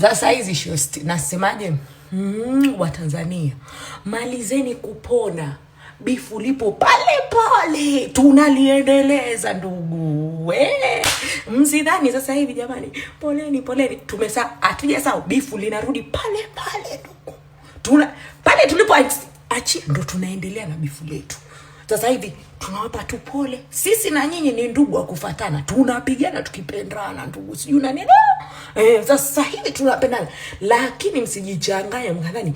sasa hizi shosti, nasemaje? Mm, Watanzania malizeni kupona bifu lipo pale pale, tunaliendeleza ndugu eh. Msidhani sasa hivi jamani, poleni poleni, tumesa hatuja sawa, bifu linarudi pale pale ndugu, tuna pale tulipo achia, ndo tunaendelea na bifu letu. Sasa hivi tunawapa tu pole. Sisi na nyinyi ni ndugu wa kufatana, tunapigana tukipendana, ndugu sijui na nini ah! eh. Sasa hivi tunapendana, lakini msijichanganye mkadhani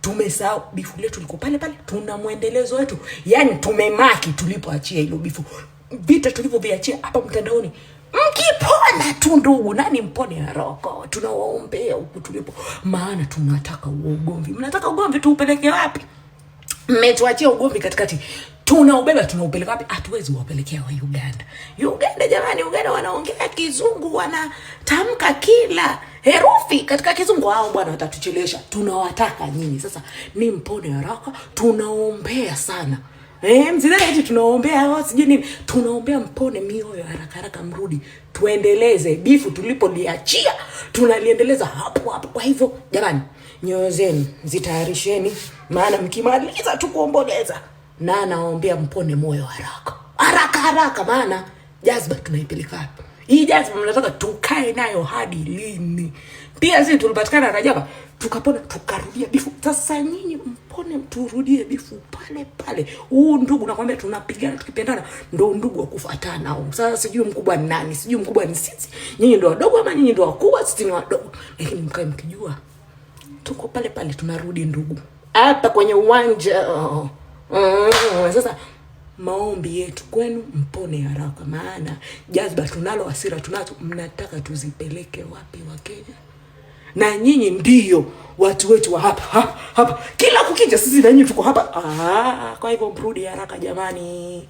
tumesahau bifu letu liko pale pale, tuna mwendelezo wetu, yani tumemaki tulipoachia hilo bifu, vita tulivyoviachia hapa mtandaoni mkipona tu ndugu, nani mpone haraka, tunawaombea huku tulipo, maana tunataka ugomvi. Mnataka ugomvi tuupeleke wapi? Mmetuachia ugomvi katikati tunaubeba tunaupeleka wapi? Hatuwezi kuwapelekea wa Uganda. Uganda jamani, Uganda wanaongea kizungu, wanatamka kila herufi katika kizungu. Hao bwana watatuchelewesha. Tunawataka nyinyi sasa, ni mpone haraka. Tunaombea sana eh, mzileti, tunaombea hao sijui nini, tunaombea mpone mioyo haraka haraka, mrudi tuendeleze bifu tulipoliachia, tunaliendeleza hapo hapo. Kwa hivyo jamani, nyoyo zenu zitayarisheni, maana mkimaliza tu na anawaombea mpone moyo haraka haraka haraka, maana jazba tunaipeleka wapi hii jazba? Mnataka tukae nayo hadi lini? Pia sisi tulipatikana na jaba tukapona tukarudia bifu. Sasa nyinyi mpone, turudie bifu pale pale. Huu ndugu nakwambia, tunapigana tukipendana, ndo ndugu wa kufuatana huu. Sasa sijui mkubwa ni nani, sijui mkubwa ni sisi, nyinyi ndo wadogo ama nyinyi ndo wakubwa, sisi ni wadogo, lakini mkae mkijua tuko pale pale, tunarudi ndugu hapa kwenye uwanja oh. Mm-hmm. sasa maombi yetu kwenu mpone haraka, maana jazba tunalo, hasira tunazo, mnataka tuzipeleke wapi Wakenya? Na nyinyi ndiyo watu wetu wa hapa hapa, hapa. Kila kukicha sisi na nyinyi tuko hapa. Ah, kwa hivyo mrudi haraka jamani.